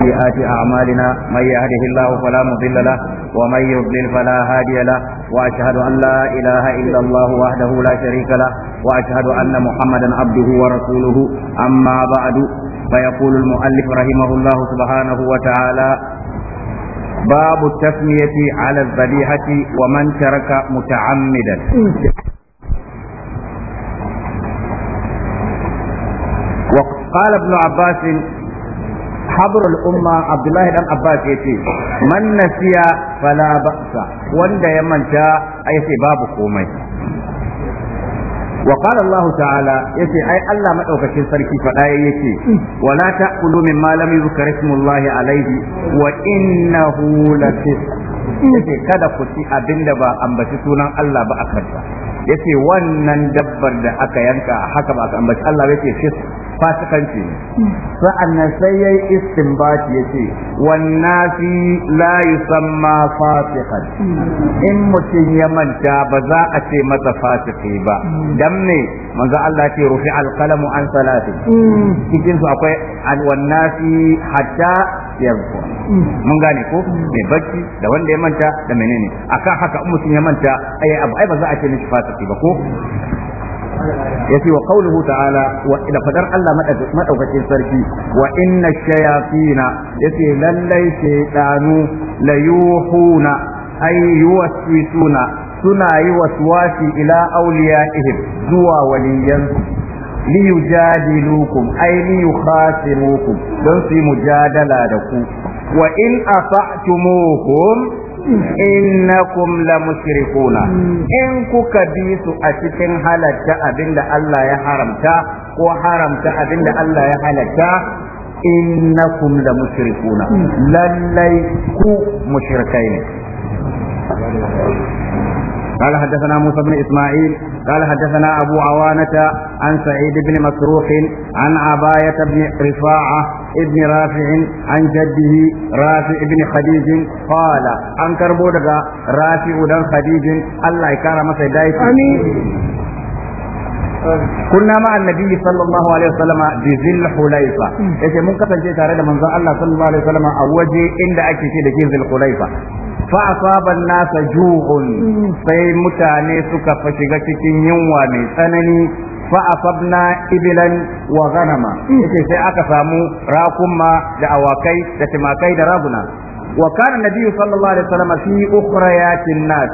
سيئات أعمالنا من يهده الله فلا مضل له ومن يضلل فلا هادي له وأشهد أن لا إله إلا الله وحده لا شريك له وأشهد أن محمدا عبده ورسوله أما بعد فيقول المؤلف رحمه الله سبحانه وتعالى باب التسمية على الذبيحة ومن ترك متعمدا وقال ابن عباس habrul umma abdullahi dan abbas yace man nasiya fala ba'sa wanda ya manta yace babu komai وقال الله تعالى يتي أي الله sarki أوكشين ya فداي يتي ولا malamin مما لم يذكر اسم الله عليه وإنه لفسق yace kada ku ci abin ba ambaci sunan Allah ba a kansa yace wannan dabbar da aka yanka haka ba aka ambaci Allah ba yace fisq fasikanci ne sa'annan sai yayi istinbati yace wannan fi la yusamma fasikan in mutum ya manta ba za a ce masa fasiki ba dan ne manzo Allah ce rufi alqalamu an salati cikin su akwai wannan fi hatta yanzu mun gane ko mai bacci da wanda ya manta da menene akan haka in mutum ya manta ai ba za a ce mishi fasiki ba ko yace wa qawluhu ta'ala wa ila fadar Allah madaukakin sarki wa inna shayatina yace lallai shaytanu la yuhuna ay yuwaswisuna suna yi waswasi ila awliyaihim zuwa waliyansu liyujadilukum ay liyukhasimukum don su yi mujadala da ku wa in asa'tumuhum innakum la mushrikuna mm. in kuka bi su a cikin halatta abinda Allah ya haramta ko haramta abinda Allah ya halatta innakum la mushrikuna mm. lallai ku mushrikai ne قال حدثنا موسى بن اسماعيل قال حدثنا أبو عوانة عن سعيد بن مسروق عن عباية بن رفاعة ابن رافع عن جده رافع بن خديج قال عن كربودغا رافع بن خديج الله yace mun kasance tare da manzon Allah sallallahu alaihi wasallama a waje inda ake ce da ke zil fa asaban nasa ju'un mm. sai mutane suka shiga cikin yunwa mai tsanani fa asabna ibilan wa ghanama mm. sai aka samu rakumma da awakai da timakai da raguna wa kana nabiyyu sallallahu alaihi wasallam fi ukhrayatin nas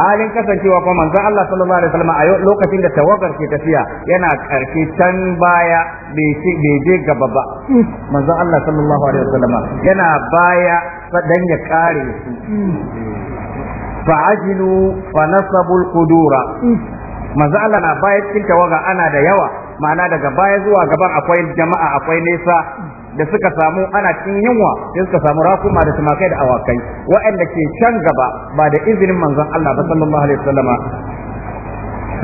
halin kasancewa kuma manzo Allah sallallahu alaihi wasallam a lokacin da tawagar ke tafiya yana karke can baya bai je gaba ba manzo Allah sallallahu alaihi wasallam yana baya dan ya kare su ajilu fa nasabu al-qudura manzo Allah na baya cikin tawaga ana da yawa ma'ana daga baya zuwa gaban akwai jama'a akwai nesa da suka samu ana cin yunwa sai suka samu rakuma da tumakai da awakai waɗanda ke can gaba ba da izinin manzon Allah ba sallallahu alaihi wasallam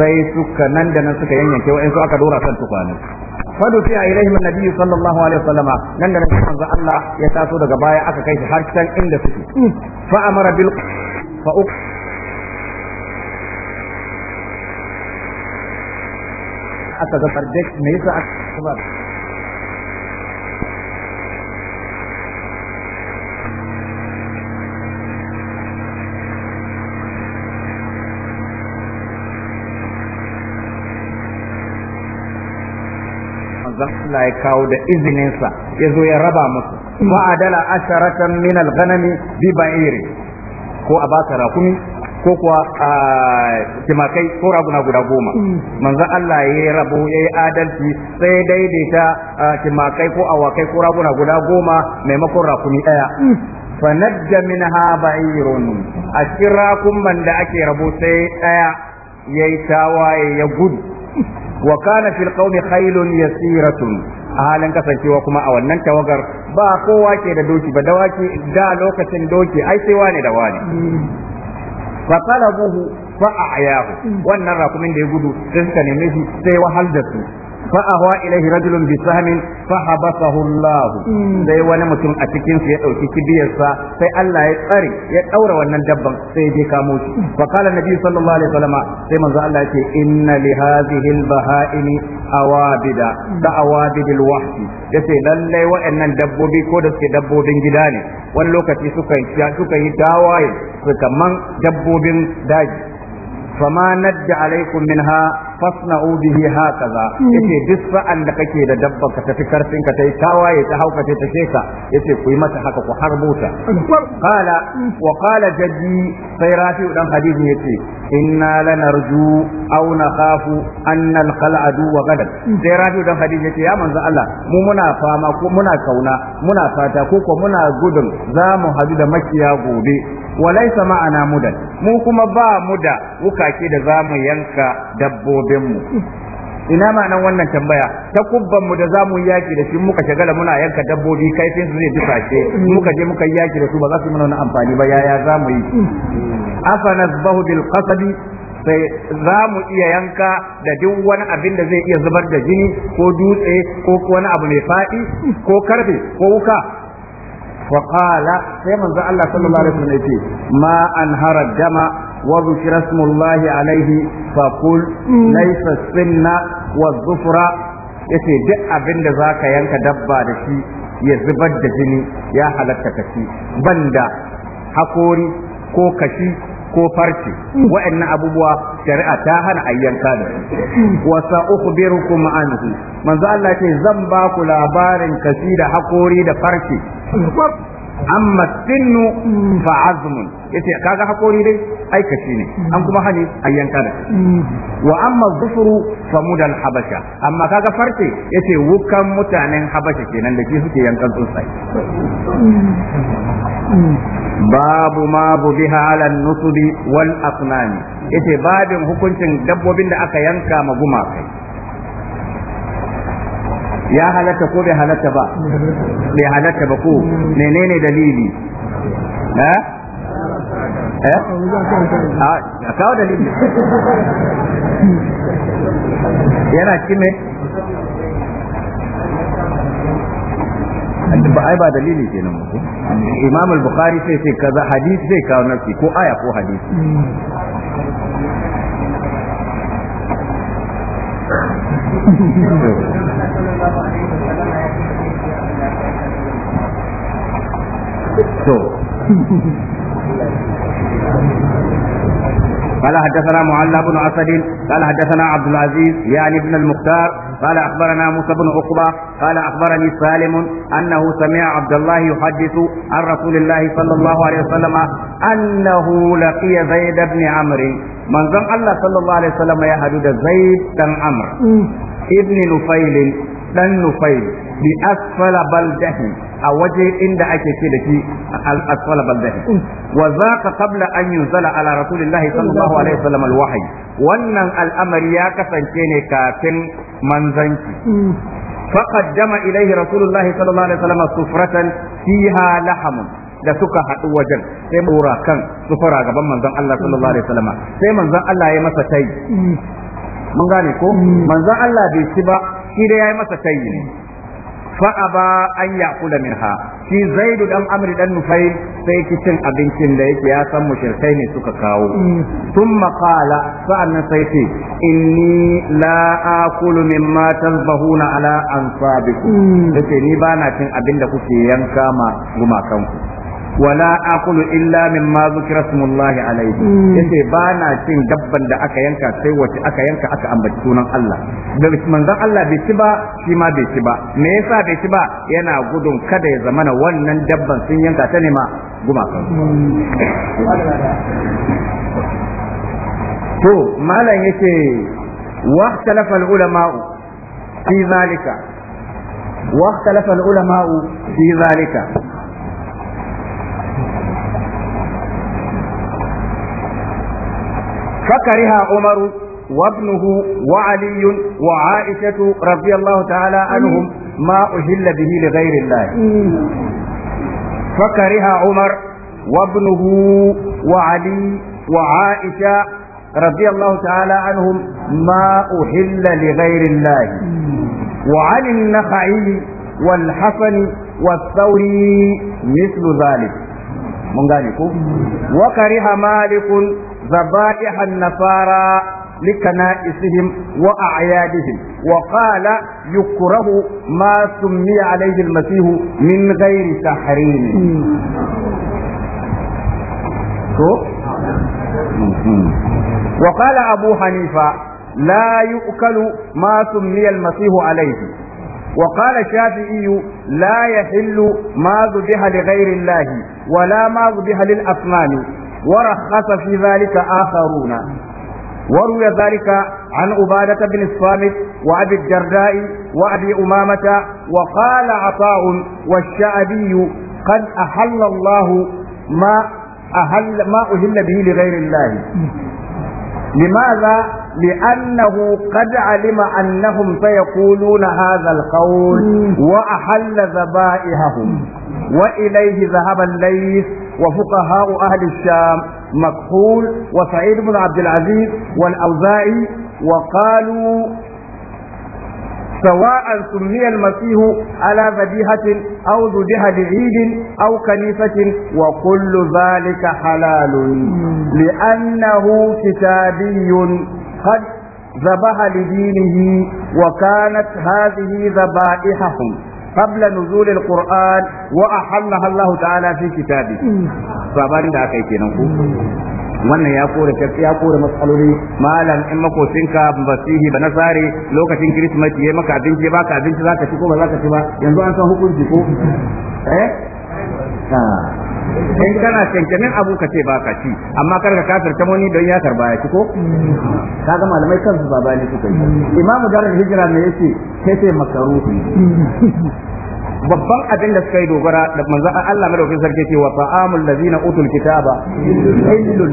sai suka nan da nan suka yanyanke wa'ansu aka dora kan tukwane fadu fiya ilaihim annabi sallallahu alaihi wasallam nan da nan manzon Allah ya taso daga baya aka kai shi har can inda suke fa amara bil fa aka ga fardash me yasa aka manzon Allah ya kawo da izininsa ya zo ya raba musu adala asharatan min al-ghanami bi ba'iri ko a baka rakumi ko kuwa a timakai ko raguna guda goma mm. manzon Allah ya yi rabo ya yi adalci sai daidaita timakai ko awakai ko raguna guda goma maimakon rakumi ɗaya mm. fanajja minha ba'irun a cikin rakun da ake rabo sai ɗaya ya yi tawaye ya gudu wa kana fil qawmi khaylun yasiratun a halin kasancewa kuma a wannan tawagar ba kowa ke da doki ba dawaki da lokacin doki ai sai wani da wani fa talabuhu fa a'yahu wannan rakumin da ya gudu sai suka neme shi sai wahal da su فأهوى إليه رجل بسهم فحبسه الله sai wani mutum a cikin ya ɗauki kibiyarsa sai Allah ya tsare ya ɗaura wannan dabban sai ya je kamo shi mm. fa nabi sallallahu alaihi wasallam sai manzo Allah yake inna li hadhihi al bahaimi awabida da mm. awabid al wahshi yace lalle wa'annan dabbobi ko da suke dabbobin gida ne wani lokaci suka suka yi tawaye su kaman dabbobin daji fama nadda alaikum minha fasna'u bihi hakaza mm. yace duk sa'an da kake da dabban ka tafi karfin ka tai tawaye ta hauka ta sheka yace ku yi mata haka ku harbuta qala wa qala jaddi sai rafi'u dan hadisi yace inna lanarju aw nakhafu an alqal'adu wa gadad mm. sai rafi'u dan hadisi yace ya manzo Allah mu muna fama ko muna kauna muna fata ko ko muna gudun za mu hadu da makiya gobe walaisa ma'ana mudan mu kuma ba mu da wukake da za mu yanka dabbobi mu ina ma nan wannan tambaya ta kubban mu da zamu yaki da shi muka shagala muna yanka dabbobi kaifin su zai ce muka je muka yaki da su ba za su mana amfani ba yaya zamu yi afana nazbahu bil qasadi sai za mu iya yanka da duk wani abin da zai iya zubar da jini ko dutse ko wani abu mai faɗi ko karfe ko wuka فقال سيما Allah صلى الله عليه وسلم ma anhara dama وذكر اسم الله عليه فقل ليس السن والظفر yace duk abin da zaka yanka dabba da shi ya zubar da jini ya halatta kashi banda hakori ko kashi ko farce wa'annan abubuwa shari'a ta hana ayyanka da su wa sa'ukhbirukum anhu manzo Allah ce zan ba ku labarin kashi da hakori da farce amma sinu fa azmun yace kaga hakori dai aikaci ne an kuma hali ayyanka da wa amma zufuru fa mudal habasha amma kaga farce yace wukan mutanen habasha kenan da ke suke yankan tsuntsaye babu ma biha ala nusubi wal asnani yace babin hukuncin dabbobin da aka yanka ma gumakai ya halatta ko bai halatta ba bai halatta ba ko menene dalili eh eh ah, a kawo dalili yana cikin ne ba ai ba dalili kenan mu Imam al-Bukhari sai sai kaza hadisi sai kawo nafsi ko aya ko hadisi Thank قال حدثنا معلى بن اسد قال حدثنا عبد العزيز يعني بن المختار قال اخبرنا موسى بن عقبه قال اخبرني سالم انه سمع عبد الله يحدث عن رسول الله صلى الله عليه وسلم انه لقي زيد بن عمرو من زم الله صلى الله عليه وسلم يا حدود زيد بن عمرو Ibni nufailin dan nufail bi asfala baldahi a waje inda ake ce da shi asfala baldahi wa zaqa qabla an yunzala ala rasulillah sallallahu alaihi wasallam alwahyi wannan al'amari ya kasance ne kafin manzanci فقدم إليه رسول الله صلى الله عليه وسلم سفرة فيها لحم da suka haɗu wajen sai mura kan sufura gaban manzon Allah sallallahu alaihi wasallam sai manzon Allah ya masa tai mun gane ko hmm. manzon Allah bai ci ba shi da yayi masa kai ne hmm. fa aba an yakula minha shi zaidu dan amri dan nufai sai ki cin abincin da yake ya san mushrikai ne suka kawo hmm. thumma qala fa sai ce inni la akulu mimma tazbahuna ala ansabikum yace ni bana cin abin da kuke yanka ma gumakanku wala aqulu illa mimma zikra smullah alayhi hmm. yace ba na cin dabban da aka yanka sai wace aka yanka aka ambaci sunan Allah da manzon Allah bai ci ba shi ma bai ci ba me yasa bai ci ba yana gudun kada ya zamana wannan dabban sun yanka ta ne ma gumakan to malam yace واختلف العلماء zalika ذلك واختلف العلماء في ذلك فكره عمر وابنه وعلي وعائشة رضي الله تعالى عنهم ما أهل به لغير الله فكره عمر وابنه وعلي وعائشة رضي الله تعالى عنهم ما أهل لغير الله وعن النخعي والحسن والثوري مثل ذلك من ذلك وكره مالك ذبائح النصارى لكنائسهم وأعيادهم وقال يكره ما سمي عليه المسيح من غير تحريم وقال أبو حنيفة لا يؤكل ما سمي المسيح عليه وقال الشافعي لا يحل ما ذبح لغير الله ولا ما ذبح للأصنام ورخص في ذلك آخرون وروي ذلك عن عبادة بن الصامت وأبي الدرداء وأبي أمامة وقال عطاء والشعبي قد أحل الله ما أهل ما أهل به لغير الله لماذا؟ لأنه قد علم أنهم سيقولون هذا القول وأحل ذبائحهم وإليه ذهب الليث وفقهاء أهل الشام مكحول وسعيد بن عبد العزيز والأوزاعي وقالوا سواء سمي المسيح على ذبيحة أو ذبح لعيد أو كنيسة وكل ذلك حلال لأنه كتابي قد ذبح لدينه وكانت هذه ذبائحهم qabla nuzul alquran wa Allah ta'ala fi kitabi kenan wannan ya kore ya kore matsaloli malam in makocinka basihi ba nasare lokacin christmas yayi maka abinci ci ko ba ci ba yanzu an san hukunci ko in kana cancanin abu ka ce baka ci amma kar ka ta wani don ya karba ya ci ko kaga malamai kansu baba ne suka yi imamu darul hijira ne yace sai sai makaruhi babban abin da suka yi dogara da manzo Allah madaukakin sarki ce wa fa'amul ladina utul kitaba illul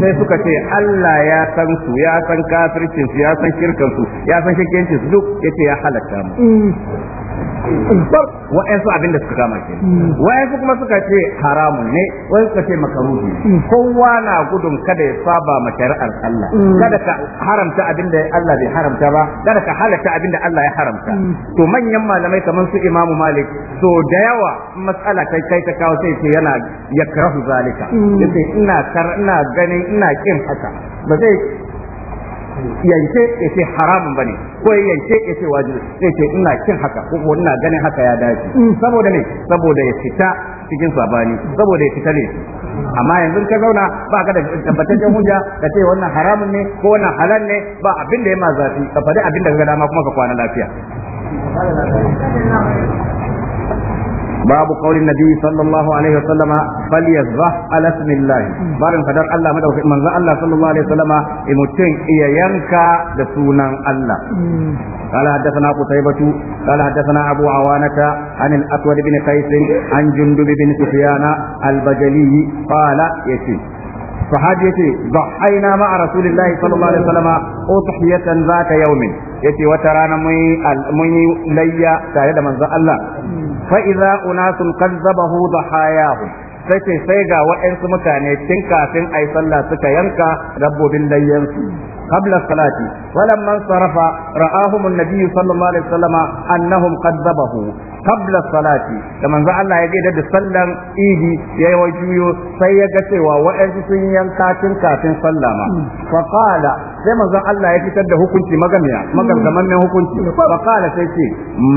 sai suka ce Allah ya san su ya san kafircin su ya san shirkan su ya san shirkin su duk yace ya halatta mu wa'ansu abin da suka kama ke wa'ansu kuma suka ce haramun ne wa'ansu suka ce makaruhi mm. kowa na gudun kada ya saba ma shari'ar Allah mm. kada ka haramta abinda Allah bai haramta ba kada ka halatta abin da Allah ya haramta mm. to manyan malamai kamar su Imam Malik so da yawa matsala kai kai ta kawo sai ce yana yakrahu zalika yace ina ina ganin ina kin haka ba zai yanke ya ce haramun bane ko ya yanke ya ce wajibi zai ce ina kin haka ko ina ganin haka ya dace mm. saboda ne saboda ya fita cikin sabani saboda ya fita ne amma yanzu ka zauna ba ka da tabbataccen hujja ka ce wannan haramun ne ko wannan halal ne ba abin da ya ma zafi ka faɗi abin da ka ga dama kuma ka kwana lafiya babu qaulin nabi sallallahu alaihi wasallam falyazah ala ismillah barin fadar Allah madauki manzo Allah sallallahu alaihi wasallam imutin iya yanka da sunan Allah قال حدثنا قتيبة قال حدثنا أبو عوانة عن الأسود بن قيس عن جندب بن سفيان البجلي قال يسير sahabi yace dhahaina ma rasulillahi sallallahu alaihi wasallam yau min? yawmin yace wata rana mun mun layya tare da manzon Allah fa idza unasun qad zabahu dhahayahum sai sai ga waɗansu mutane tun kafin a sallah suka yanka dabbobin layyansu qabla salati walamman sarafa ra'ahum an-nabiy sallallahu alaihi wasallama annahum qad zabahu qabla salati da manzo Allah ya gaida da sallan idi ya yi wajuyo sai ya ga cewa wa'ansu sun yanka tun kafin sallah ma fa qala sai manzo Allah ya fitar da hukunci magamiya magargamannin hukunci hmm. fa qala sai ce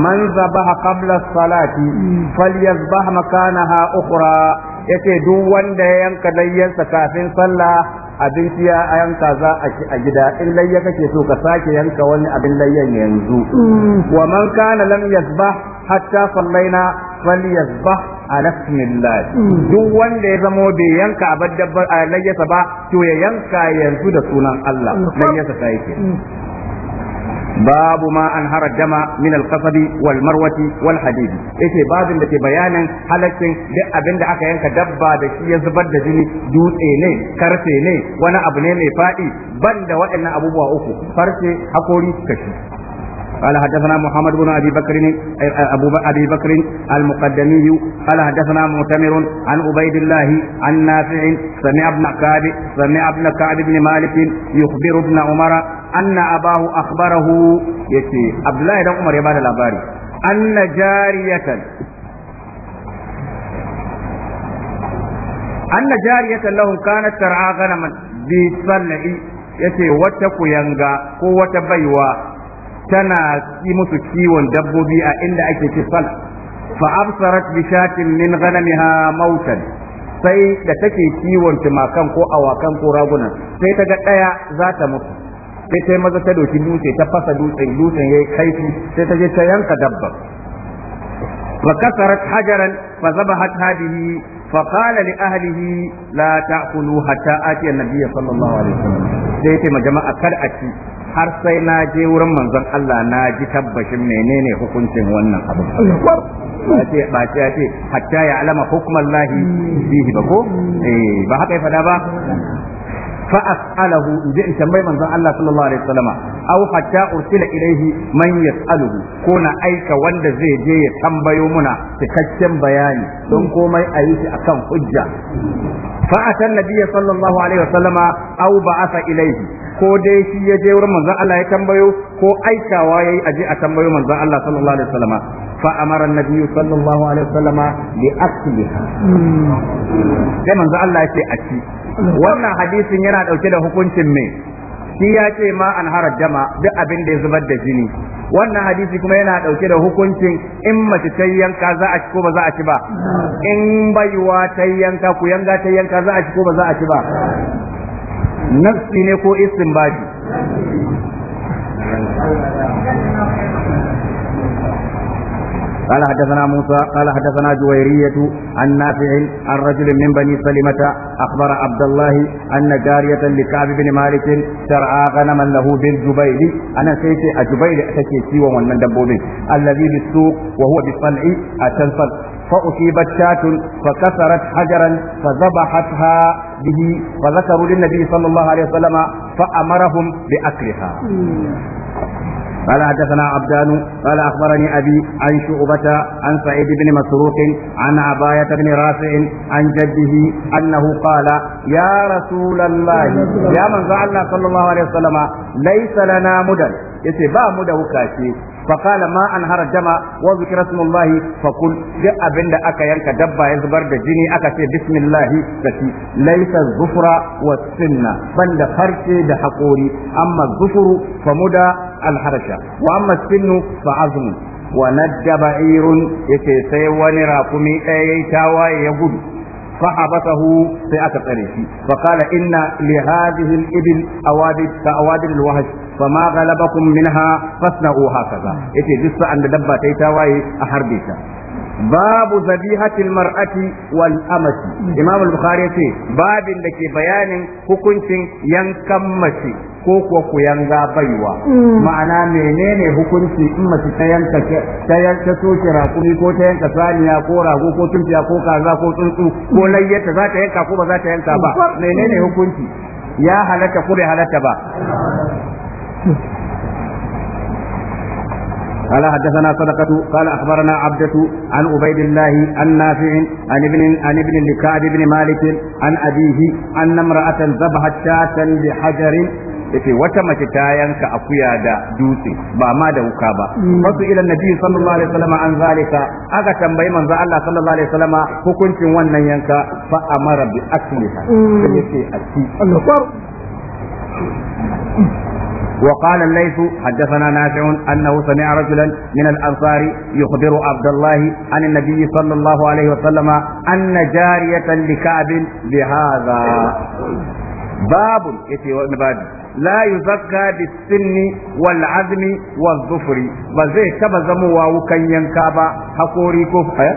man zabaha qabla salati falyazbah makanaha ukhra yace duk wanda ya yanka layyansa kafin sallah abinci ya yanka za a a gida in layya kake so ka sake yanka wani abin layyan yanzu mm. wa man kana lam yasbah hatta sallaina falyasbah ala bismillah mm. duk wanda ya zamo bai yanka a dabbar layyasa ba to ya yanka yanzu da sunan Allah mm. layyasa sai yake babu ma an harar dama min al-kasari wal marwati wal hadidi yace babin da ke bayanin halaccin duk abin da aka yanka dabba da shi ya zubar da jini dutse ne karfe ne wani abu ne mai faɗi da waɗannan abubuwa uku farce hakori kashi قال حدثنا محمد بن ابي بكر ابو ابي بكر المقدمي قال حدثنا معتمر عن عبيد الله عن نافع سمع ابن كعب سمع ابن كعب بن مالك يخبر ابن عمر anna abahu akhbarahu yace abdullahi dan umar ya bada labari anna jariyatan anna jariyatan lahum kanat tar'a ghanaman bi sal'i yace wata kuyanga ko wata baiwa tana yi musu kiwon dabbobi a inda ake ci sal fa absarat bi shatin min ghanamiha mautan sai da take kiwon tumakan ko awakan ko raguna sai ta ga daya za ta mutu sai ta maza ta doki dutse ta fasa dutsen dutsen yayi kaifi sai ta je ta yanka dabba fa kasarat hajaran fa zabahat hadihi fa qala li ahlihi la ta'kulu hatta ati an sallallahu alaihi wasallam sai ta jama'a kar a ci har sai na je wurin manzon Allah na ji tabbashin menene hukuncin wannan abu ba ce ba ce ce hatta ya alama hukumar lahi ba ko eh ba haka ya fada ba fa as'alahu in je in tambayi manzon Allah sallallahu alaihi wasallama aw hatta ursila ilaihi man alhu ko na aika wanda zai je ya tambayo muna cikakken bayani don komai a yi shi akan hujja Fa'asan atan nabiyyi sallallahu alaihi wasallama aw ba'atha ilaihi ko dai shi ya je wurin manzon Allah ya tambayo ko aikawa yayi aje a tambayo manzon Allah sallallahu alaihi wasallama fa amara annabi sallallahu alaihi wasallama bi akliha sai manzon Allah yake a ci wannan hadisin yana dauke da hukuncin me shi ya ce ma an harar jama duk abin da ya zubar da jini wannan hadisi kuma yana dauke da hukuncin in mace ta yanka za a ci ko ba za a ci ba in baiwa ta yanka ku yanga ta yanka za a ci ko ba za a ci ba nafsi ne ko istinbadi قال حدثنا موسى قال حدثنا جويرية عن نافع عن رجل من بني سلمة أخبر عبد الله أن جارية لكعب بن مالك ترعى غنما له بالجبيل أنا سيتي الجبيل أتكي سوى من الذي بالسوق وهو بالصلع أتنفل فأصيبت شاة فكسرت حجرا فذبحتها به فذكروا للنبي صلى الله عليه وسلم فأمرهم بأكلها قال حدثنا عبدان قال اخبرني ابي عن شعبة عن سعيد بن مسروق عن عباية بن رافع عن جده انه قال يا رسول الله يا من الله صلى الله عليه وسلم ليس لنا مدن yace ba mu da wukace فقال ما أنهر جمع وذكر اسم الله فقل جاء بند أكا ينكا دبا يزبر جني أكا بسم الله تتي ليس الظفر والسنة بند فرشي دحقوري أما الظفر فمدى الحرشة وأما السن فعظم ونج بعير يتسي ونراكمي أي تاواي يقول فحبسه سيأتقريشي فقال إن لهذه الإبل أوادر الوهش fa ma ghalabakum minha fasna'u hakaza yace duk sa'an da dabba ta yi tawaye a harbe ta babu zabihatil mar'ati wal amati imam al-bukhari yace babin da ke bayanin hukuncin yankan mace ko kuwa ku yanga baiwa ma'ana menene hukunci in mace ta yanka ta yanka soke rakumi ko ta yanka saniya ko rago ko tunkiya ko kaza ko tsuntsu ko layyata za ta yanka ko ba za ta yanka ba menene hukunci ya halarta ko bai halarta ba قال حدثنا صدقة قال أخبرنا عبدة عن عبيد الله عن نافع عن ابن عن ابن لكعب بن مالك عن أبيه أن امرأة ذبحت شاة بحجر yace wata mace ta yanka akuya da dutse ba ma da wuka ba wasu ila nabi sallallahu alaihi wasallam an zalika aka tambayi manzo Allah sallallahu alaihi wasallam hukuncin wannan yanka fa'a amara bi akliha yace a وقال الليث حدثنا نافع أنه سمع رجلا من الأنصار يخبر عبد الله عن النبي صلى الله عليه وسلم أن جارية لكعب بهذا باب لا يزكى بالسن والعزم والظفر بزي كما زموا وكان ينكابا حقوري كفر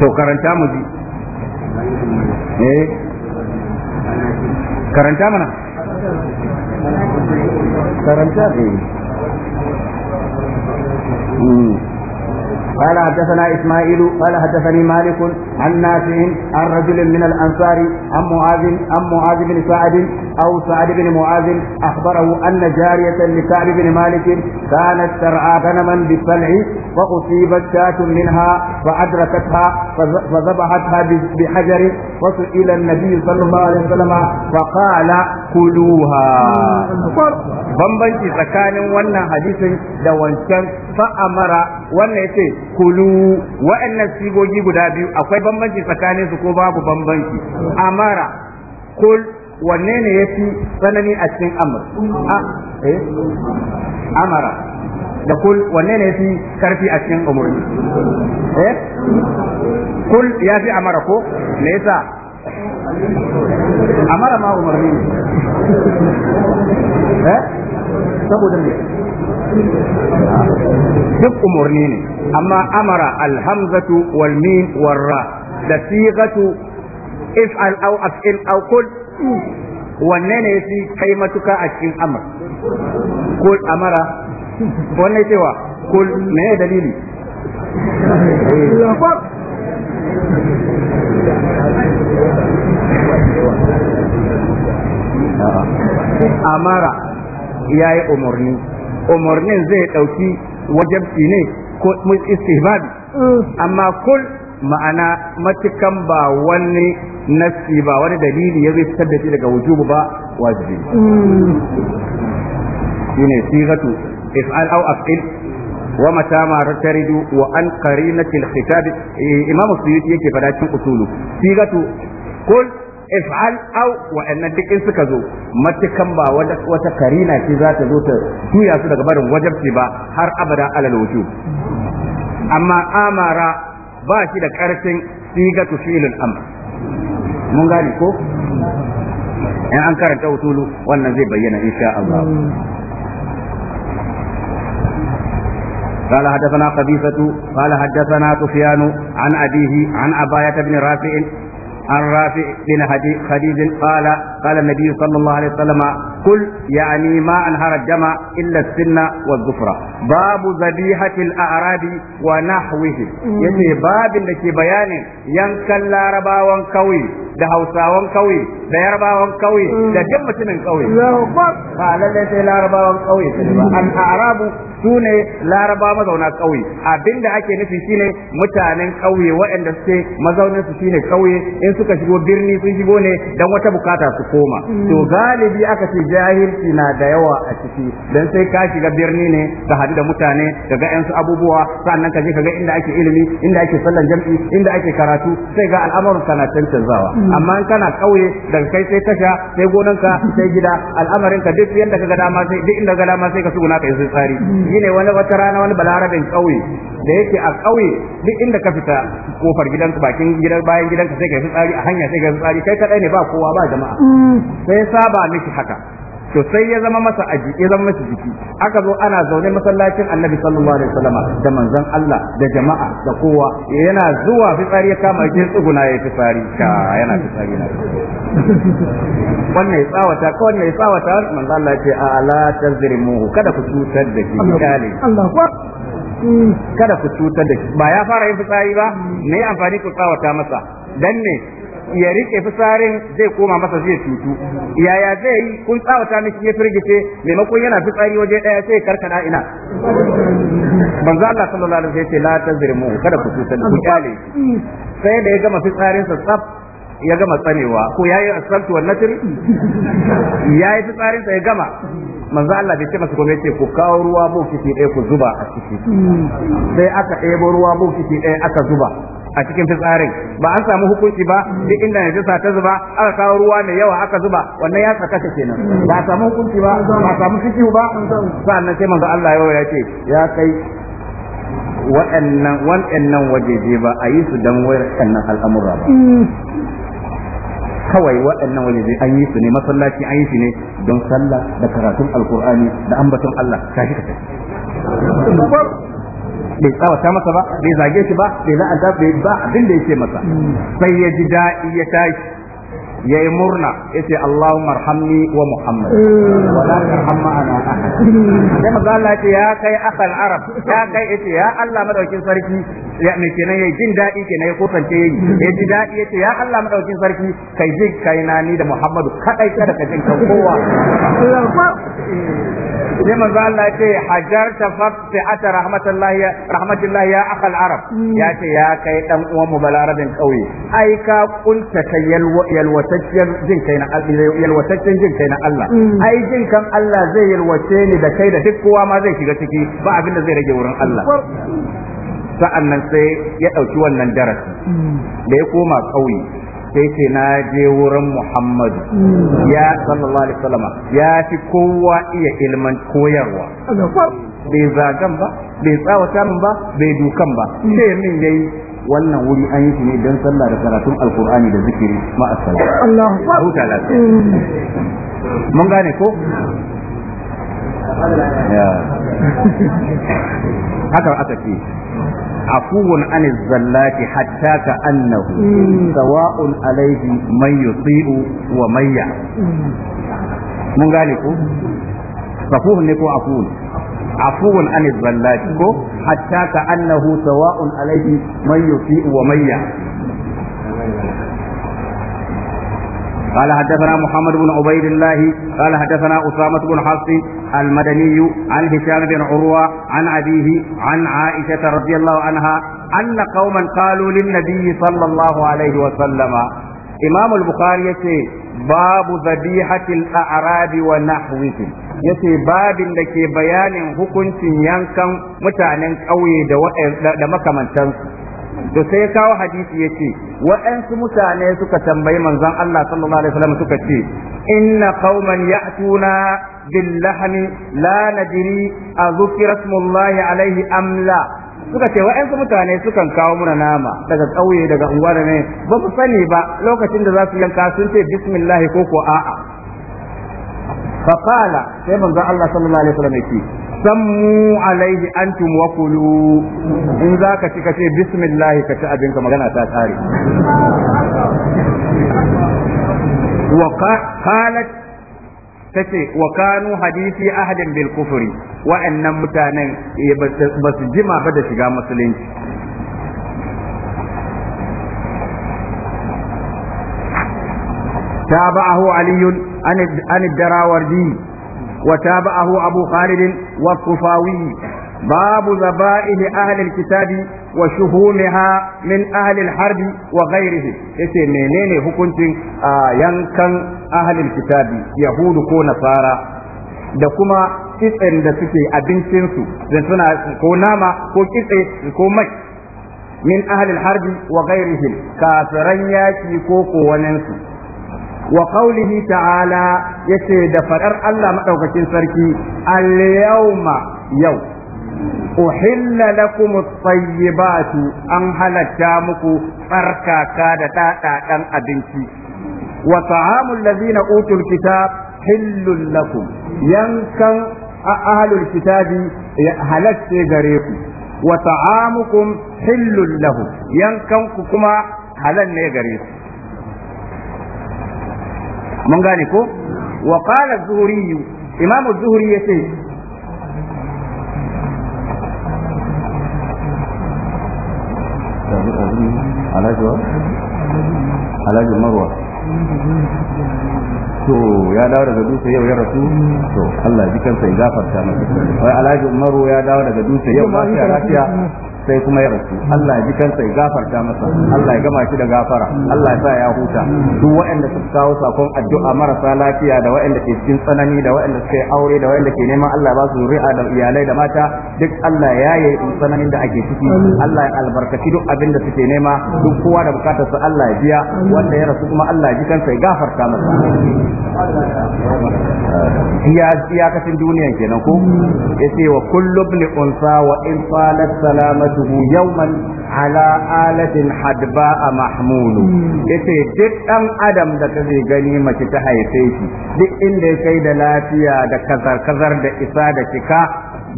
تو eh karanta mana karanta قال حدثنا اسماعيل قال حدثني مالك عن نافع عن رجل من الانصار عن معاذ عن معاذ بن سعد او سعد بن معاذ اخبره ان جاريه لكعب بن مالك كانت ترعى غنما بالصنع فأصيبت شاة منها فأدركتها فذبحتها بحجر فسئل النبي صلى الله عليه وسلم فقال كلوها bambanci tsakanin wannan hadisin da wancan fa'amara wannan ya ce kulu wa'annan sigogi guda biyu akwai bambanci tsakaninsu su ko babu bambanci amara kul wanne ne ya fi tsanani a cikin amara da kul wanne ne fi karfi a cikin umarni? eh kul ya fi amara ko me yasa amara ma umarni ne eh saboda me duk umarni ne amma amara alhamzatu wal mim wal ra da sigatu if'al aw af'il aw kul wanne ne fi kai matuka a cikin Amara? kul amara wannan cewa kul me dalili amara ya yi umarni umarnin zai ɗauki wajabci ne ko istihbabi amma kul ma'ana matukan ba wani nasi ba wani dalili ya zai fitar da daga wujubu ba wajibi ne sigatu افعل او af'il wa mata ترد وان wa الخطاب امام al-khitab imam suyuti yake fada cikin usulu sigatu kul if'al aw wa'annan duk in suka zo matukan ba wata karina ce za ta zo ta juya su daga barin wajabci ba har abada alal wujub amma amara ba shi da karfin sigatu fi'lul amr mun gane ko in an karanta usulu wannan zai bayyana insha Allah قال حدثنا خبيثة قال حدثنا سفيان عن أبيه عن أباية بن رافع عن رافع بن خديج قال قال النبي صلى الله عليه وسلم Kul ya كل يعني ما أنهر الدم إلا السن والظفرة باب ذبيحة الأعراب ونحوه يعني باب لكي بيان ينكل لاربا وانكوي da hausawan kauye da yarbawan kauye da duk mutumin kauye ba lalle sai larabawan kauye arabu su ne mazauna kauye abinda ake nufi shine mutanen ƙauye waɗanda suke mazaunin su shine ƙauye in suka shigo birni sun shigo ne dan wata bukata su koma to galibi aka ce jahilci na da yawa a ciki dan sai ka shiga birni ne ka hadu da mutane ka ga yansu abubuwa sannan ka je ka ga inda ake ilimi inda ake sallan jam'i inda ake karatu sai ga al'amarin kana zawa. Mm. amma in kana kauye daga kai sai tasha sai gonanka sai gida al'amarin ka duk yanda ka ga dama sai duk inda ga dama sai ka suguna ka yi tsari mm. shine wani wata rana wani balarabin kauye da yake a kauye duk inda ka fita kofar gidanka bakin gidan bayan gidanka sai ka yi tsari a hanya sai ka yi tsari kai kadai ne ba kowa ba jama'a mm. sai saba miki haka to sai ya zama masa aji ya zama masa jiki aka zo ana zaune masallacin annabi sallallahu alaihi wasallama da manzon Allah da jama'a da kowa yana zuwa fitsari ya kama jin tsuguna ya fitsari ka yana fitsari na wannan ya tsawata ko wannan ya tsawata manzon Allah ya ce a ala tazrimu kada ku cutar da shi kale hmm. kada ku cutar da shi ba ya fara yin fitsari ba ne amfani ku tsawata masa dan ne ya rike fitsarin zai koma masa zai cutu yaya zai yi kun tsawata miki ya firgice maimakon yana fitsari waje daya sai karkada ina manzo Allah sallallahu alaihi wasallam ya ce la tazrimu kada ku cutar ku kale sai da ya gama fitsarin sa tsaf ya gama tsanewa ko yayi asaltu wan natr yayi fitsarin sa ya gama manzo Allah bai ce masa komai ce ku kawo ruwa bokiti ɗaya ku zuba a ciki sai aka ɗebo ruwa bokiti ɗaya aka zuba a cikin fitsarin ba an samu hukunci ba duk inda jisa ta zuba aka kawo ruwa mai yawa aka zuba wannan ya tsakata kenan ba a samu hukunci ba ba a samu fikihu ba sa'annan sai manzo Allah ya ce ya kai waɗannan waɗannan wajeje ba a yi su dan waɗannan al'amura ba kawai waɗannan wajeje an yi su ne masallaci an yi su ne don sallah da karatun alkur'ani da ambaton Allah tashi ka bai tsawata masa ba bai zage shi ba bai la'anta bai ba abin da yake masa hmm. sai ya ji daɗi ya tashi yayi murna ce, Allahumma arhamni wa Muhammad wa la tarham ma'ana ahad sai manzo Allah ce ya kai akal arab ya kai ce, ya Allah madaukin sarki ya me kenan yayi jin dadi kenan ya kofance yi. ya ji daɗi dadi ce, ya Allah madaukin sarki kai jin kai na ni da Muhammadu kaɗai, kada ka jin kan kowa sai manzo Allah yace hajarta faqti ata rahmatullahi rahmatullahi ya akal arab ce ya kai ɗan uwan mu balarabin kauye ai ka kunta yalwa yalwata yalwatacciyar jin kai na Allah jin kai na Allah mm. ai jin kan Allah zai yalwace ni da kai da duk kowa ma zai shiga ciki ba abin da zai rage wurin Allah sa'annan sai ya ɗauki wannan darasi mm. da ya koma kauye sai ce na je wurin Muhammadu mm. ya sallallahu alaihi wasallam ya fi kowa iya ilman koyarwa bai zagan ba bai tsawata min ba bai dukan ba sai min yayi wannan wuri an yi shi ne don sallah da karatun alkur'ani da zikiri ma asala Allahu mm. mun gane ko haka aka ce afuwun an zallati hatta ka annahu mm. sawa'un alaihi man yusi'u wa mayya. Mm. mun gane ko safuhun ne ko afuwun afuwun an zallati ko hatta ka annahu sawa'un alaihi man yufi wa mayya قال حدثنا محمد بن عبيد الله قال حدثنا أسامة بن حفص المدني عن هشام بن عروة عن أبيه عن عائشة رضي الله عنها أن قوما قالوا للنبي صلى الله عليه وسلم إمام البخاري يقول babu ذبيحة الأعراب wa yace babin da ke bayanin hukuncin yankan mutanen ƙauye da makamantansu da sai ya kawo hadisi ya ce waɗansu mutane suka tambayi manzon Allah sallallahu alaihi wasallam suka ce inna qauman ya'tuna bil lahmi la nadri azkira smullahi alaihi amla suka ce wa'yansu mutane sukan kawo muna nama daga ƙauye daga unguwa da ne ba su sani ba lokacin da za su yanka sun ce bismillahi ko ko a'a faqala sai manzo Allah sallallahu alaihi wasallam yake sammu alaihi antum wa kulu in zaka ci kace bismillah ka ci ka magana ta tsare wa qalat tace wa kanu hadisi ahadin bil kufri wa'annan mutanen eh, ba su jima ba da shiga musulunci تابعه علي عن الدراوردي وتابعه أبو خالد والطفاوي باب ذبائح أهل الكتاب وشهومها من أهل الحرب وغيره يتي منين حكمت ينكن أهل الكتاب يهود كو نصارى da kuma kitsen da suke abincinsu da suna ko nama ko kitse ko mai min ahlil harbi wa ghairihim kafiran yaki ko su. wa qawlihi ta'ala yace da fadar Allah madaukakin sarki al yawma yau uhilla lakum at-tayyibatu an halatta muku tsarkaka da dadadan abinci wa ta'amul ladina utul kitab hillul lakum yankan ahlul kitabi halatta gare ku wa ta'amukum hillul lahum kuma halal ne gare ku mun gane ko wa qala az-zuhri imamu az-zuhri yace alhaji marwa to ya dawo daga dutse yau ya rasu to Allah ji kansa ya gafarta masa wai Alhaji Umaru ya dawo daga dutse yau ba shi lafiya sai kuma ya rasu Allah ji kansa ya gafarta masa Allah ya gama shi da gafara Allah ya sa ya huta duk waɗanda suka kawo sakon addu'a marasa lafiya da waɗanda ke cikin tsanani da waɗanda suka aure da waɗanda ke neman Allah ba su zuri'a da iyalai da mata duk Allah ya yi tsananin da ake ciki Allah ya albarkaci duk abin da suke nema duk kowa da bukatar sa Allah ya biya wanda ya rasu kuma Allah ya ji kansa ya gafarta masa iya kasin duniyan kenan ko yace wa kullu ibn unsa wa in falat salamatuhu yawman ala alatin hadba mahmulu yace duk dan adam da kaje gani mace ta haife shi duk inda ya kai da lafiya da kazar kazar da isa da cika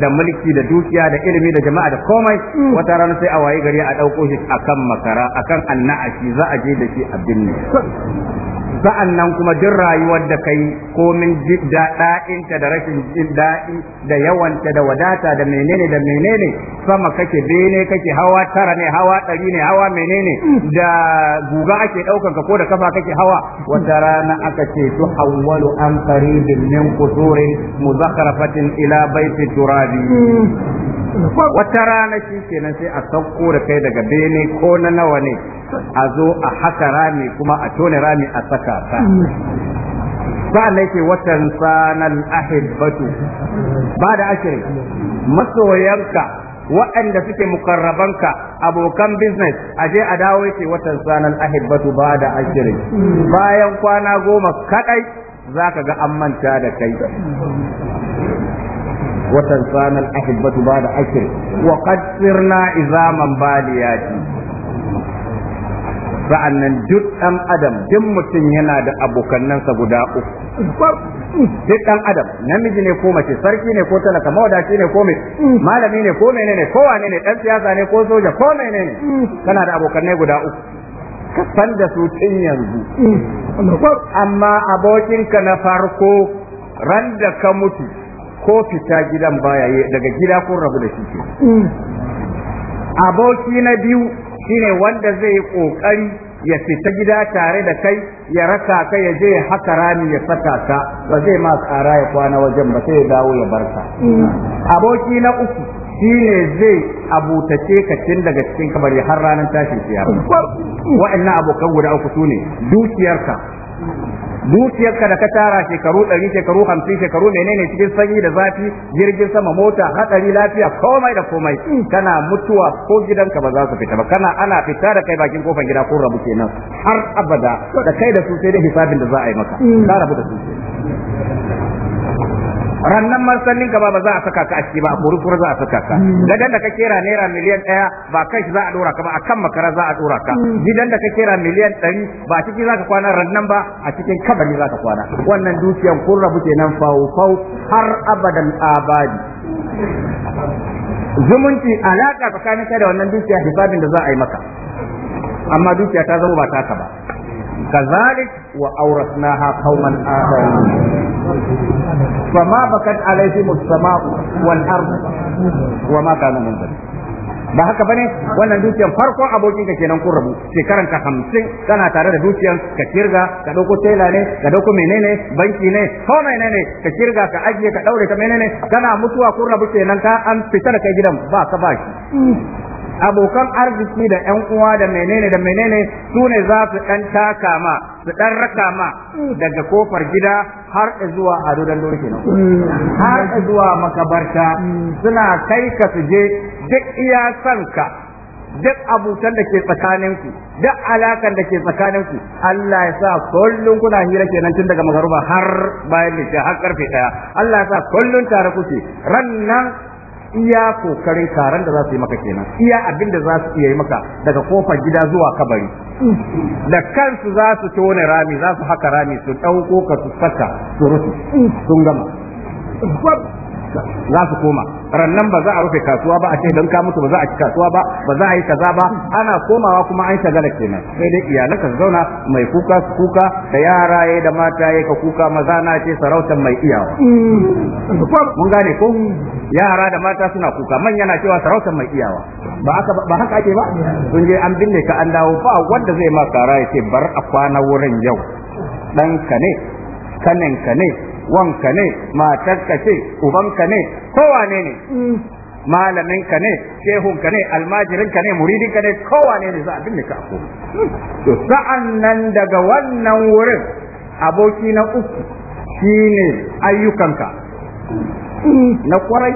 da mulki da dukiya da ilimi da jama'a da komai wata rana sai a waye gari a dauko shi akan makara akan anna'ashi za a je da shi abin ne nan kuma duk rayuwar da kai komin daɗinta da rashin jin da yawanta da wadata da menene da menene sama kake bene kake hawa tara ne hawa ɗari ne hawa menene da guga ake ɗaukan ka ko da kafa kake hawa wata rana aka ce tu awwalu an qaribin min qusurin muzakharafatin ila baiti turabi wata rana shi kenan sai a sauko da kai daga bene ko na nawa ne a zo a haka rami kuma a tone rami a saka Ba sa'an yake watan sanar ahibbatu ba da ashirin masoyanka waɗanda suke mukarrabanka abokan business a je a dawo yake watan sanar ahibbatu ba da ashirin bayan kwana goma kaɗai za ka ga an manta da kai watan sanar ahibbatu ba da ashirin wa qad sirna izaman baliyati sa'annan duk dan adam duk mutum yana da abokannansa guda uku duk dan adam namiji ne ko mace sarki ne ko talaka mawadaci ne ko mai malami ne ko menene ko wane ne dan siyasa ne ko soja ko menene kana da abokanai guda uku ka san da su tun yanzu amma abokinka na farko ran da ka mutu ko fita gidan baya daga gida ko rabu da shi ke aboki na biyu shine wanda zai yi kokari ya fita gida tare da kai ya raka ka ya je haka rami ya saka ka ba zai ma tsara ya kwana wajen ba sai ya dawo ya barka aboki na uku shine zai abutace ka tun daga cikin kabari har ranar tashin kiyama wa'annan abokan guda uku sune dukiyarka dukiyarka da ka tara shekaru ɗari shekaru hamsin shekaru menene cikin sanyi da zafi jirgin sama mota hatsari lafiya komai da komai kana mutuwa ko gidanka ba za su fita ba kana ana fita da kai bakin kofar gida ko rabu kenan har abada da kai da su sai da hisabin da za a yi maka ka rabu da su rannan masanin ka ba za a saka ka a ciki ba a kuri za a saka ka hmm. gadan da ka kera naira miliyan ɗaya ba kai za a dora ka ba akan makara za a dora ka hmm. gidan da ka kera miliyan ɗari ba ciki za ka kwana rannan ba a cikin kabari za ka kwana wannan dukiyan kun rabu kenan fawo fawo har abadan abadi zumunci alaka tsakanin kai da wannan dukiya hisabin da za a yi maka amma dukiya ta zama ba ka ba كذلك وأورثناها قوما آخرين فما بكت عليهم السماء والأرض وما كانوا ذلك ba haka bane wannan dukiyar farko abokin ka kenan kun rabu shekaran ka hamsin kana tare da dukiyar ka kirga ka dauko tela ne ka dauko menene banki ne ko menene ka kirga ka ajiye ka daure ka menene kana mutuwa kun rabu kenan ka an fita da kai gidan ba ka ba shi abokan arziki da yan uwa da menene da menene su ne za su dan taka ma su dan raka ma daga kofar gida har zuwa ado don mm. har zuwa makabarta mm. suna kai ka su je duk iya sanka duk abutan da ke tsakaninku duk alakan da ke tsakaninku Allah ya sa kullun kuna hira kenan tun daga magaruba har bayan da har karfe daya Allah ya sa kullun tare kuke rannan iya kokarin karan da za su yi maka kenan iya abin da za su iya yi maka daga kofar gida zuwa kabari da kansu za su tone rami za su haka rami su ɗauko ka su saka su rufe sun gama za su koma rannan ba za a rufe kasuwa ba a ce don ka mutu ba za a ci kasuwa ba ba za a yi kaza ba ana komawa kuma an shagala kenan sai dai iyalan ka zauna mai kuka kuka da yara yayi da mata yayi ka kuka maza na ce sarautar mai iyawa mun gane ko yara da mata suna kuka manya na cewa sarautar mai iyawa ba haka ba haka ake ba sun je an binne ka an dawo ba wanda zai ma kara ya ce bar a kwana wurin yau ɗanka ne kanin ka ne wanka ne matarka ce ubanka ne kowane ne mm. malaminka ne shehunka ne almajirinka ne muridinka ne kowane ne za a binne ka a to sa'an daga wannan wurin aboki na uku shine ayyukanka mm. na kwarai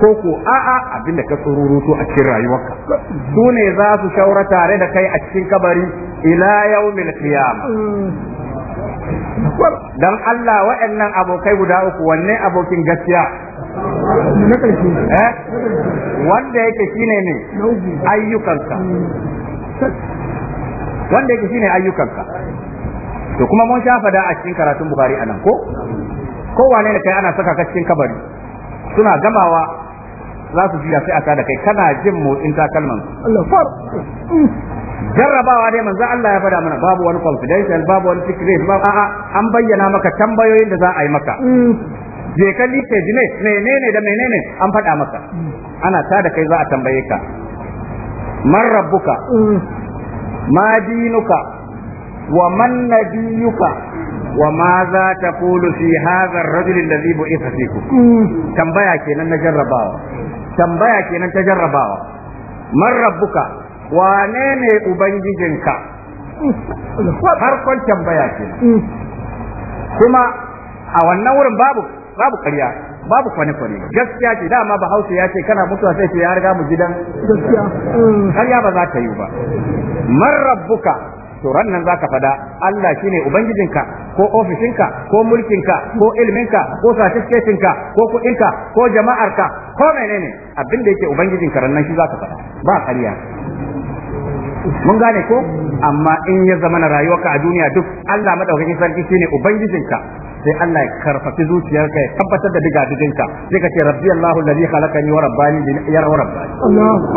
ko ko a'a abin da ka tsururuto a cikin rayuwarka su ne za su shaura tare da kai a cikin kabari ila yaumil qiyama mm. dan Allah waɗannan abokai guda uku wanne abokin gaskiya eh? wanda yake shine ne ayyukanka mm. wanda yake shine ayyukanka to kuma mun sha fada a cikin karatun bukari anan ko kowane da kai ana saka ka cikin kabari suna gamawa za su juya sai a da kai kana jin motsin takalman jarrabawa dai manzo Allah ya faɗa mana babu wani confidential babu wani secret ba a'a an bayyana maka tambayoyin da za a yi maka je ka ji ne menene da menene an faɗa maka ana ta da kai za a tambaye ka man rabbuka ma dinuka wa man nabiyuka wa ma za ta kulu fi hadha ar-rajul alladhi bu'itha fikum tambaya kenan na jarrabawa tambaya kenan ta jarrabawa man rabbuka wane ne ubangijinka farkon tambaya ce kuma a wannan wurin babu babu kariya, babu kwane-kwane gaskiya ce dama ba hausa ya ce kana mutuwa sai ce ya riga mu gidan karya mm. ba za ta yi ba man rabbuka to rannan zaka fada Allah shine ubangijinka ko ofishinka ko mulkinka ko ilminka ko certificatinka ko kuɗinka, ko jama'arka ko menene abin da yake ubangijinka rannan shi zaka fada ba kariya. mun gane ko amma in ya zama na rayuwarka a duniya duk Allah madaukakin sarki shine ubangijinka sai Allah ya karfafi zuciyarka ya tabbatar da diga sai ka ce rabbi Allahu alladhi khalaqani wa rabbani ya rabbani Allahu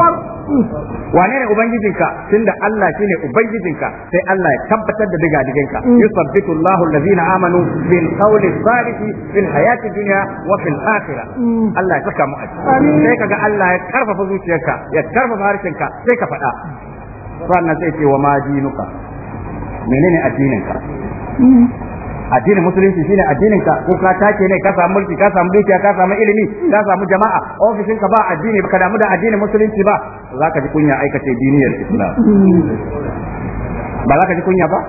wane ne ubangijinka tunda Allah shine ubangijinka sai Allah ya tabbatar da diga mm. yusabbitu Allahu alladhina amanu bil qawli salih fil hayati dunya wa fil akhirah mm. Allah ya saka mu sai kaga Allah ya karfafa zuciyarka ya karfafa harshenka sai ka faɗa sannan sai ce wa ma dinuka menene addinin ka addinin musulunci shine addinin ka ko ka take ne ka samu mulki ka samu dukiya ka samu ilimi ka samu jama'a ofishin ka ba addini ba ka damu da addinin musulunci ba za ji kunya aikace diniyar islam ba za ji kunya ba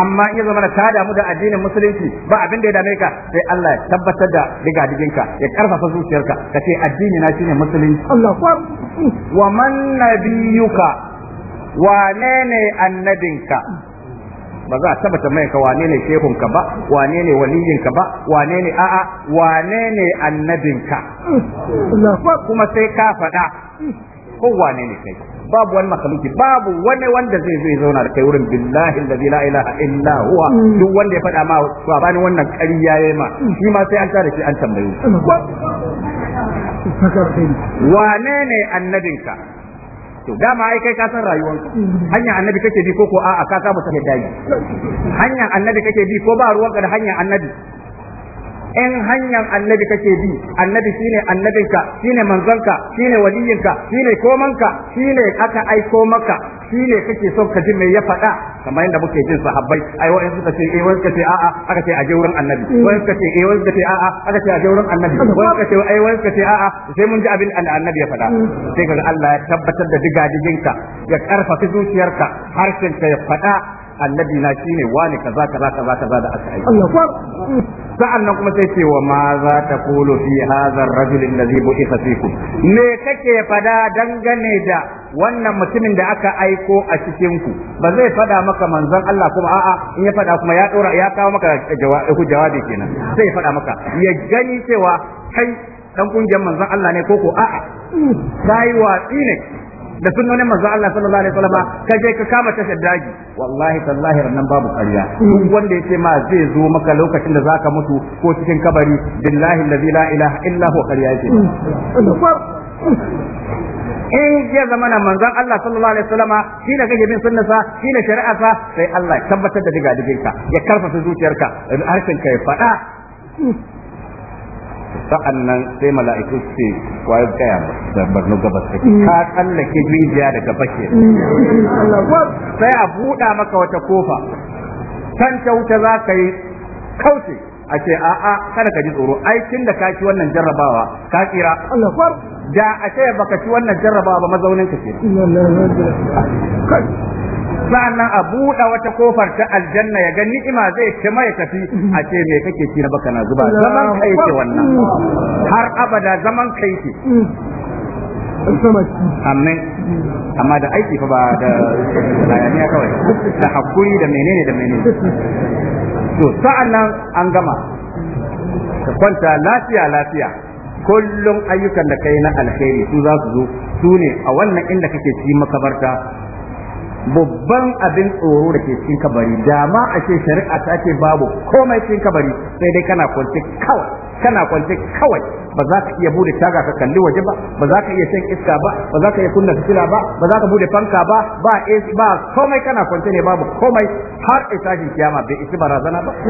amma in ya zama ta damu da addinin musulunci ba abin da ya dame ka sai Allah ya tabbatar da diga diginka ya karfafa zuciyarka ka ce addini na shine musulunci Allah wa man nabiyuka wane ne annabinka ba za a tabbata mai ka wane ne shehun ka ba wane ne waliyin ka ba wane ne a'a wane ne annabin ka kuma sai ka faɗa ko wane ne kai babu wani makaluki babu wani wanda zai zai zauna da kai wurin billahi allazi la ilaha illa huwa duk wanda ya faɗa ma bani wannan ya yi ma shi ma sai an tare shi an tambayi. wane ne annabinka to dama ai kai ka san rayuwarka hanya annabi kake bi ko ko a'a ka samu sai dai hanya annabi kake bi ko ba ruwanka da hanya annabi in hanyar annabi kake bi annabi shine annabinka shine manzonka shine waliyinka shine komanka shine aka aiko maka shine kake son ka ji me ya faɗa kamar yadda muke jin sahabbai ai wai suka ce eh wai suka ce a'a aka ce a je wurin annabi mm. wai suka ce eh wai suka ce a'a aka ce a je wurin annabi wai suka ce ai wai suka ce a'a sai mun ji abin annabi ya faɗa mm. sai kaga Allah ya tabbatar da diga ya karfafa zuciyarka harshen ka ya faɗa annabi na shine wani kaza kaza kaza kaza da aka Sa'an nan kuma sai ce wa ma za ta kulu fi hadha rajul alladhi bu'itha fikum me kake fada dangane da wannan mutumin da aka aiko a cikin ku ba zai fada maka manzon Allah kuma a'a in ya fada kuma ya dora ya kawo maka jawabi kenan zai fada maka ya gani cewa kai dan kungiyar manzon Allah ne koko a'a mm. kai watsi ne da sunnonin manzo Allah sallallahu alaihi wasallam ka je ka kama tashar daji wallahi tallahi rannan babu ƙarya duk wanda yace ma zai zo maka lokacin da zaka mutu ko cikin kabari billahi allazi la ilaha illa huwa ƙarya yake in ya zama na manzon Allah sallallahu alaihi shi ne kake bin sunnarsa shi ne shari'arsa sai Allah ya tabbatar da diga diginka ya karfafa zuciyarka harshen ka ya faɗa sa'annan sai mala'iku su ce wayo gaya da barno gabas take ka tsallake rijiya daga bake sai a buɗa maka wata kofa can ta wuta za ka yi kauce a ce a'a kada ka ji tsoro aikin da ka ci wannan jarrabawa ka tsira da a ce baka ci wannan jarrabawa ba mazaunin ka ce. nan a buɗe wata kofar ta aljanna ya gani ni'ima zai ci mai tafi a ce mai kake ci na baka na zuba zaman kai ce wannan har abada zaman kai ce amma amma da aiki fa ba da bayaniya kawai da hakuri da menene da menene to nan an gama ka kwanta lafiya lafiya kullum ayyukan da kai na alheri su za su zo su ne a wannan inda kake ci makabarta babban abin tsoro da ke cikin kabari da ma a ce shari'a ta ce babu komai cikin kabari sai dai kana kwance kawai kana kwance kawai ba za ka iya bude taga ka kalli waje ba ba za ka iya shan iska ba ba za ka iya kunna fitila ba ba za ka bude fanka ba ba AC ba komai kana kwance ne babu komai har isashin kiyama bai isi barazana ba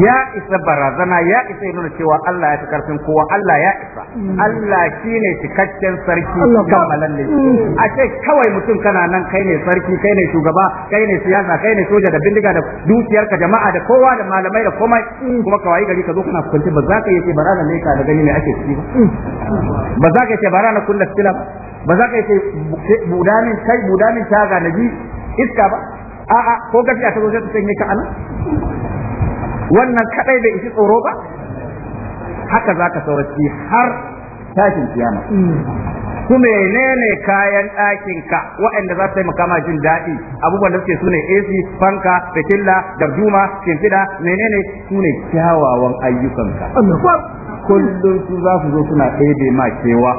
ya isa barazana ya isa nuna cewa Allah ya fi karfin kowa Allah ya isa Allah shine cikakken sarki kammalan ne a ce kawai mutum kana nan kai ne sarki kai ne shugaba kai ne siyasa kai ne soja da bindiga da dukiyarka jama'a da kowa da malamai da komai kuma ka wayi gari ka zo kana kwance ba za ka yi ce bara na leka da gani mai ake ciki ba ba za ka yi ce bara na kulla fitila ba ba za ka yi ce budamin kai budamin taga na ji iska ba a'a ko gafiya ta zo sai ta sanya ka ana wannan kadai bai isi tsoro ba haka za ka sauraci har tashin kiyama Ku menene kayan ɗakinka waɗanda za su taimaka ma jin daɗi abubuwan da suke sune AC fanka fitilla darduma shimfiɗa menene sune kyawawan ayyukanka kullum su za su zo suna ɗebe ma kewa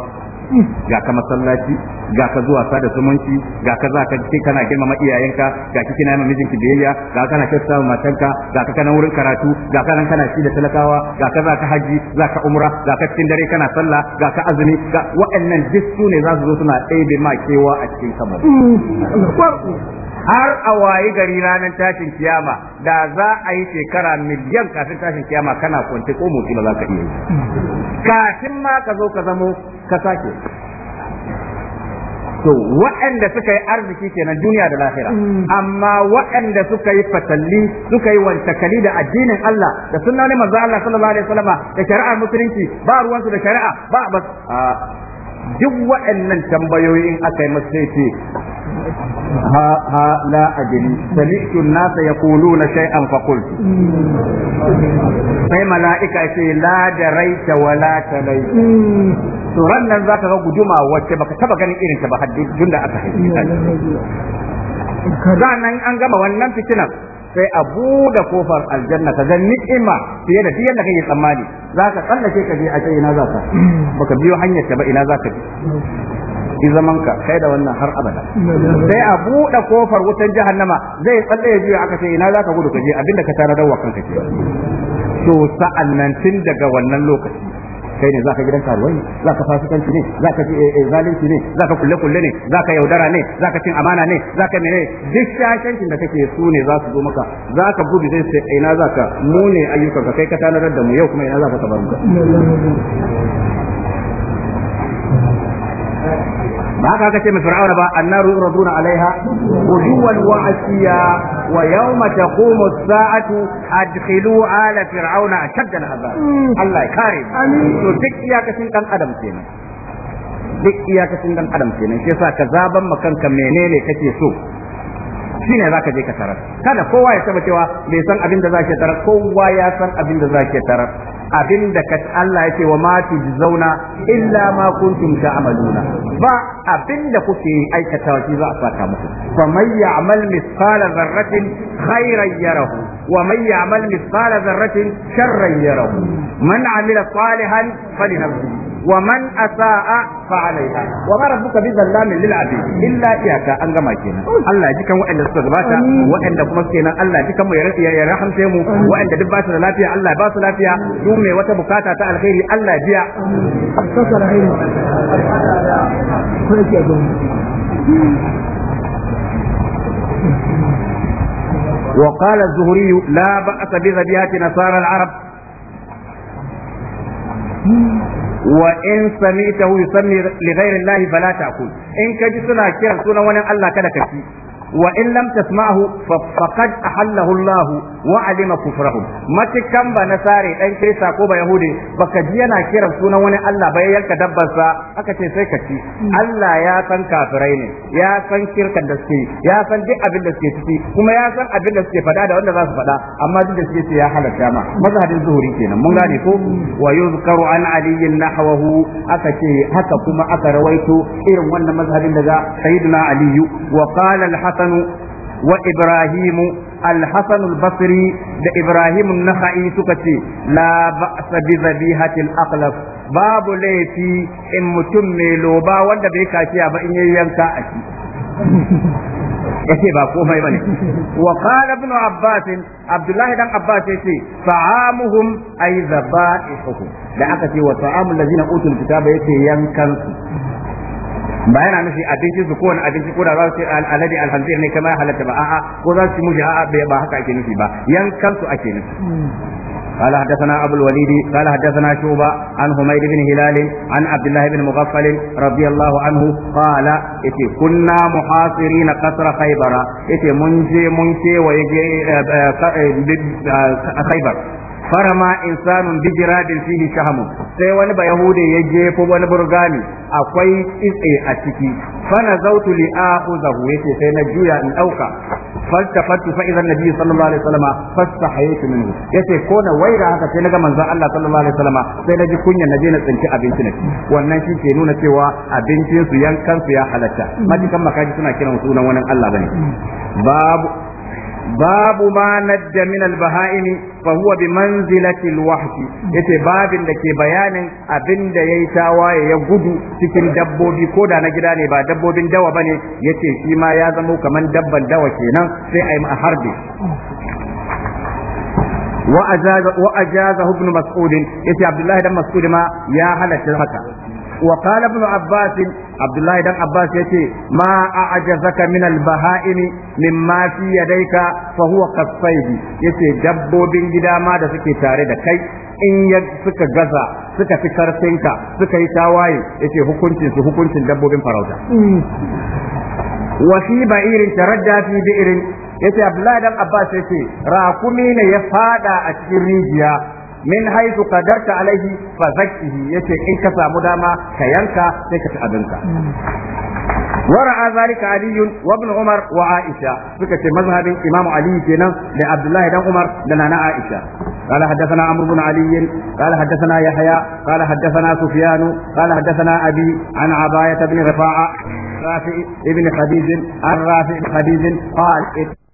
ga ka masallaci ga ka zuwa sa da zumunci ga ka za ka ce kana girmama iyayenka ga ki kina ma mijinki biyayya ga kana kyautata ma matanka ga ka kana wurin karatu ga ka nan kana ci da talakawa ga ka za ka haji za ka umra ga ka cikin dare kana sallah ga ka azumi ga wa'annan duk su ne za su zo suna ɗebe ma kewa a cikin kamar har a wayi gari ranar tashin kiyama da za a yi shekara miliyan kafin tashin kiyama kana kwance ko motsi ba za ka iya yi kafin ma ka zo ka zamo ka sake to waɗanda suka yi arziki kenan duniya da lahira mm. amma waɗanda suka yi fatalli suka yi wantakali da addinin Allah da sunnanin manzo Allah sallallahu alaihi wasallama da shari'ar musulunci ba ruwansu da shari'a ba ba ah, duk waɗannan tambayoyin aka yi masu ha ha la ajri sami'tu an-nasa yaquluna shay'an fa qult sai mala'ika ce la daraita wa la talai to ranan zaka ga guduma wacce baka taba ganin irin ta ba haddin tunda aka haife ta nan an gama wannan fitinan sai a buɗe kofar aljanna ka ga ni'ima fiye da fiye da kake tsammani zaka tsallake ka je a ce ina za baka biyo hanyar ta ba ina zaka ka yi zaman ka kai da wannan har abada sai a buɗe kofar wutan jahannama zai tsalle ya juya aka ce ina zaka gudu ka je abinda ka tare da kanka ke to sa'an nan tun daga wannan lokaci kai ne zaka gidan karuwai ne zaka fasikanci ne zaka eh, eh, zalunci ne zaka kulle kulle ne zaka yaudara ne zaka cin amana ne zaka ne duk shashancin da kake su ne za su zo maka zaka gudu sai sai ina zaka mu ne ayyukan ka kai ka tanar da mu yau kuma ina zaka ka bar mu ba haka aka ce mai fir'auna ba annaru yuraduna alaiha guduwan wa asiya wa yawma taqumu as-sa'atu adkhilu ala fir'auna ashadda al-azab hmm. Allah ya kare to duk iyakacin dan adam kenan duk iyakacin dan adam kenan shi yasa ka zaban kanka menene kake so shine zaka je ka tarar kada kowa ya saba cewa bai san abin da zaka tarar kowa ya san abin da zaka tarar abinda ka Allah ce wa ma zauna illa ma kuntum ta'maluna ba abinda kuke aikata shi za a saka muku fa may ya'mal rarrafin hairar khairan yarahu ومن يعمل مثقال ذرة شرا يره من عمل صالحا فلنفسه ومن أساء فعليها وما ربك بظلام للعبيد إلا إياك أن كما كنا الله يجيك وإن استغباك وإن كما كنا الله يجيك يرحم سيمو وإن دباس لا فيها الله باس لا فيها يومي وتبكاتا تعالى خيري الله يجيع أتصل خيري كويس يا وقال الزهري لا بأس بذبيحة نصارى العرب وإن سمعته يسمي لغير الله فلا تأكل إن كجسنا كيرا سنة ونن الله كذا كثير wa in lam tasma'ahu faqad ahallahu Allah wa alima kufrahu matikan ba na nasare dan kirista ko ba ya hude, baka ji yana kiran sunan wani Allah ba yanka dabbar sa aka ce sai ka ci Allah ya san kafirai ne ya san kirkan da suke ya san duk abin da suke ciki kuma ya san abin da suke faɗa da wanda za su faɗa, amma duk da suke ce ya a ma mazhabin zuhuri kenan mun gane ko wa yuzkaru an ali nahwahu aka ce haka kuma aka rawaito irin wannan mazhabin daga sayyidina aliyu wa qala الحسن وإبراهيم الحسن البصري لإبراهيم النخعي سكتي لا بأس بذبيحة الأقلب باب ليتي إن متمي لوبا وند بيكاتي أبا إن ينكا yace ba komai bane wa qala ibn abbas abdullah dan abbas yace ta'amuhum ay dhabaihum da aka ce wa ta'amul ladzina utul kitaba yace yankan ba yana nufi abinci su kowane abinci ko da za su ce alade alhanzir ne kamar halatta ba a'a ko za su mushi a'a ba haka ake nufi ba yankan su ake nufi قال حدثنا أبو الوليد قال حدثنا شوبة عن حميد بن هلال عن عبد الله بن مغفل رضي الله عنه قال إتي كنا محاصرين قصر خيبر إتي منجي منجي ويجي خيبر farama insanun bijiradin fihi shahmu sai wani ba yahude ya jefo wani burgani akwai kitse a ciki fana zautu li akhuzahu yace sai na juya in dauka faltafatu fa idan nabi sallallahu alaihi wasallam fastahaytu minhu yace ko na waira haka sai naga manzon Allah sallallahu alaihi wasallam sai naji kunya naje na tsinci abinci na ci wannan shi ke nuna cewa abincin su yankan su ya halatta madikan makaji suna kiran sunan wani Allah bane babu babu ma nadda min al-baha'imi fa huwa bi manzilati al-wahshi yace babin da ke bayanin abinda yayi tawaye ya gudu cikin dabbobi ko da na gida ne ba dabbobin dawa bane yace shi ma ya zamo kamar dabban dawa kenan sai a yi harbi wa ajaza wa ajaza ibn mas'ud yace abdullahi dan mas'ud ma ya halarci haka وقال ابن عباس عبد الله بن عباس يتي ما أعجزك من البهائم مما في يديك فهو كالصيد يتي دبو بن جدا سكي تاري دا كي إن يد غزا سكا في كارتينكا سكا يتاواي يتي هكونتين سو هكونتين دبو بن فراودا وفي بعير تردى في بئر يتي عبد الله بن عباس يتي راكمين ya fada min haythu qadarta alaihi fa zakkihi yace in ka samu dama ka yanka sai ka ci abinka ورعى ذلك علي وابن عمر وعائشة فكت مذهب إمام علي كنا لعبد الله بن عمر لنا عائشة قال حدثنا عمرو بن علي قال حدثنا يحيى قال حدثنا سفيان قال حدثنا أبي عن عباية بن رفاعة رافع بن خديج عن رافع بن خديج قال